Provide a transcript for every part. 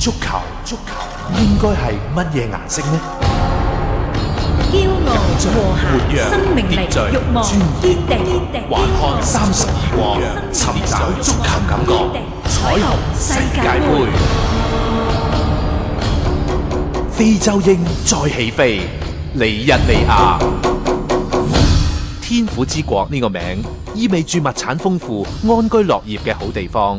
足球，足球應該係乜嘢顏色呢？驕傲、和諧、生命力、慾望、堅定，還看三十二國，尋找足球感覺。彩虹世界杯，非洲鷹再起飛，尼日利亞，天府之國呢個名，意味住物產豐富、安居樂業嘅好地方。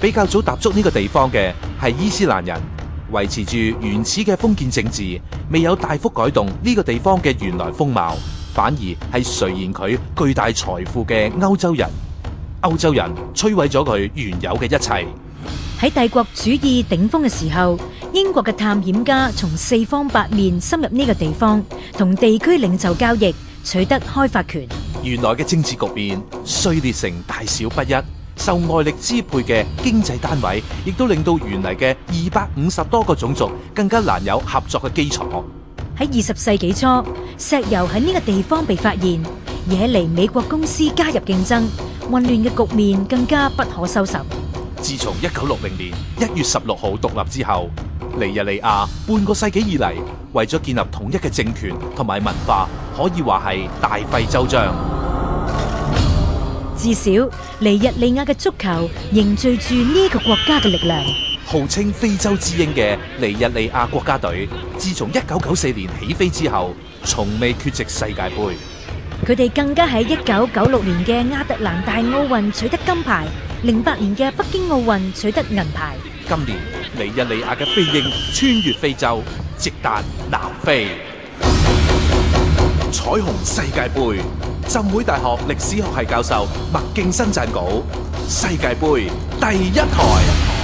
比較早踏足呢個地方嘅係伊斯蘭人，維持住原始嘅封建政治，未有大幅改動呢個地方嘅原來風貌。反而係垂涎佢巨大財富嘅歐洲人，歐洲人摧毀咗佢原有嘅一切。喺帝國主義頂峰嘅時候，英國嘅探險家從四方八面深入呢個地方，同地區領袖交易，取得開發權。原來嘅政治局面碎裂成大小不一，受外力支配嘅經濟單位，亦都令到原來嘅二百五十多個種族更加難有合作嘅基礎。喺二十世紀初，石油喺呢個地方被發現，惹嚟美國公司加入競爭，混亂嘅局面更加不可收拾。自從一九六零年一月十六號獨立之後，尼日利亞半個世紀以嚟，為咗建立統一嘅政權同埋文化，可以話係大費周章。至少尼日利亞嘅足球凝聚住呢個國家嘅力量。號稱非洲之鷹嘅尼日利亞國家隊，自從一九九四年起飛之後，從未缺席世界杯。佢哋更加喺一九九六年嘅亞特蘭大奧運取得金牌，零八年嘅北京奧運取得銀牌。今年尼日利亞嘅飛鷹穿越非洲，直達南非。彩虹世界杯，浸會大學歷史學系教授麥勁生撰稿，世界杯第一台。